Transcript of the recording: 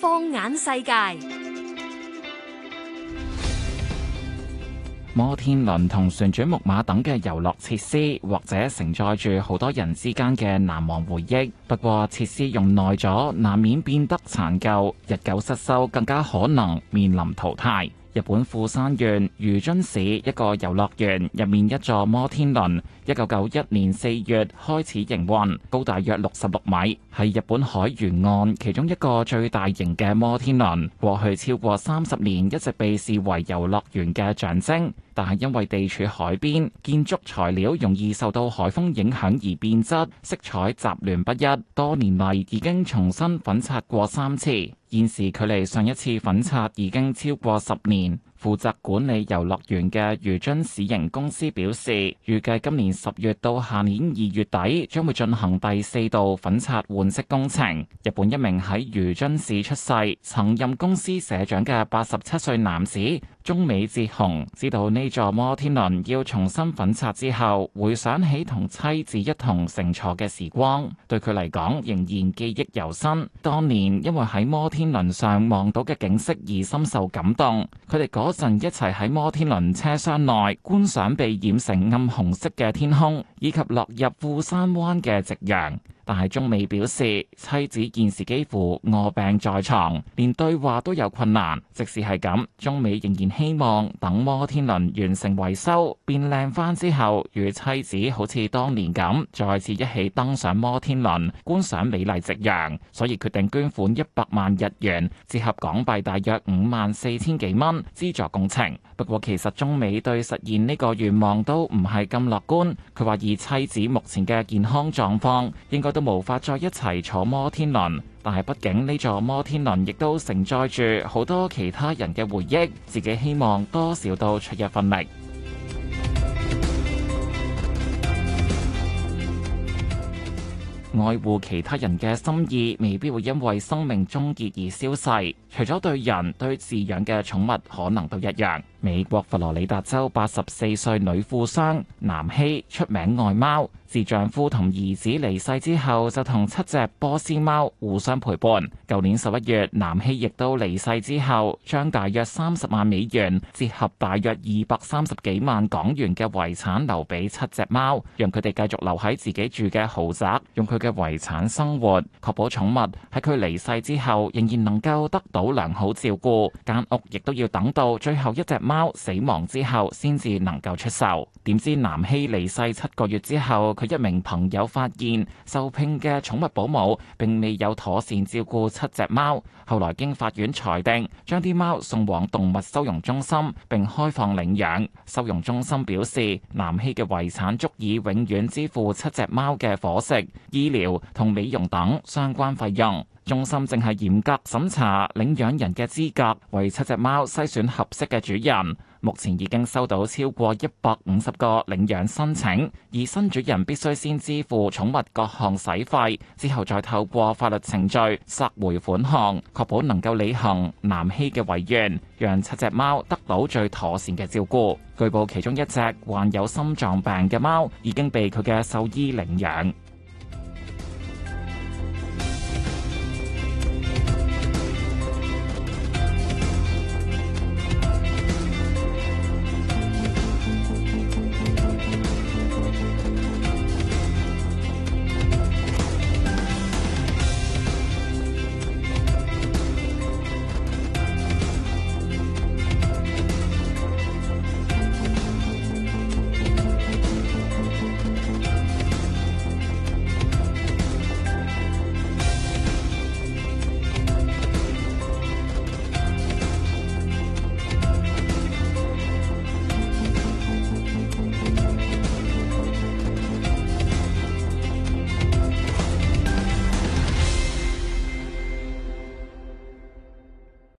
放眼世界，摩天輪同旋轉木馬等嘅遊樂設施，或者承載住好多人之間嘅難忘回憶。不過，設施用耐咗，難免變得殘舊，日久失修，更加可能面臨淘汰。日本富山縣魚津市一個遊樂園入面一座摩天輪一九九一年四月開始營運，高大約六十六米，係日本海沿岸其中一個最大型嘅摩天輪，過去超過三十年一直被視為遊樂園嘅象徵，但係因為地處海邊建築材料容易受到海風影響而變質色彩雜亂不一，多年嚟已經重新粉刷過三次。現時距離上一次粉刷已經超過十年。負責管理遊樂園嘅如津市營公司表示，預計今年十月到下年二月底，將會進行第四度粉刷換色工程。日本一名喺如津市出世、曾任公司社長嘅八十七歲男子中美哲雄，知道呢座摩天輪要重新粉刷之後，回想起同妻子一同乘坐嘅時光，對佢嚟講仍然記憶猶新。當年因為喺摩天輪上望到嘅景色而深受感動，佢哋嗰一陣一齊喺摩天輪車廂內觀賞被染成暗紅色嘅天空，以及落入富山灣嘅夕陽。但係，中美表示妻子現時幾乎臥病在床，連對話都有困難。即使係咁，中美仍然希望等摩天輪完成維修變靚翻之後，與妻子好似當年咁再次一起登上摩天輪觀賞美麗夕陽，所以決定捐款一百萬日圓，折合港幣大約五萬四千幾蚊，資助工程。不過，其實中美對實現呢個願望都唔係咁樂觀。佢話以妻子目前嘅健康狀況，應該都無法再一齊坐摩天輪，但係畢竟呢座摩天輪亦都承載住好多其他人嘅回憶，自己希望多少都出一份力。愛護其他人嘅心意，未必會因為生命終結而消逝。除咗對人，對飼養嘅寵物可能都一樣。美國佛羅里達州八十四歲女富商南希出名愛貓，自丈夫同兒子離世之後，就同七隻波斯貓互相陪伴。舊年十一月，南希亦都離世之後，將大約三十萬美元，折合大約二百三十幾萬港元嘅遺產留俾七隻貓，讓佢哋繼續留喺自己住嘅豪宅，用佢。嘅遺產生活，確保寵物喺佢離世之後仍然能夠得到良好照顧。間屋亦都要等到最後一隻貓死亡之後先至能夠出售。點知南希離世七個月之後，佢一名朋友發現受聘嘅寵物保姆並未有妥善照顧七隻貓。後來經法院裁定，將啲貓送往動物收容中心並開放領養。收容中心表示，南希嘅遺產足以永遠支付七隻貓嘅伙食，療同美容等相關費用，中心正係嚴格審查領養人嘅資格，為七隻貓篩選合適嘅主人。目前已經收到超過一百五十個領養申請，而新主人必須先支付寵物各項洗費，之後再透過法律程序索回款項，確保能夠履行南希嘅遺願，讓七隻貓得到最妥善嘅照顧。據報，其中一隻患有心臟病嘅貓已經被佢嘅獸醫領養。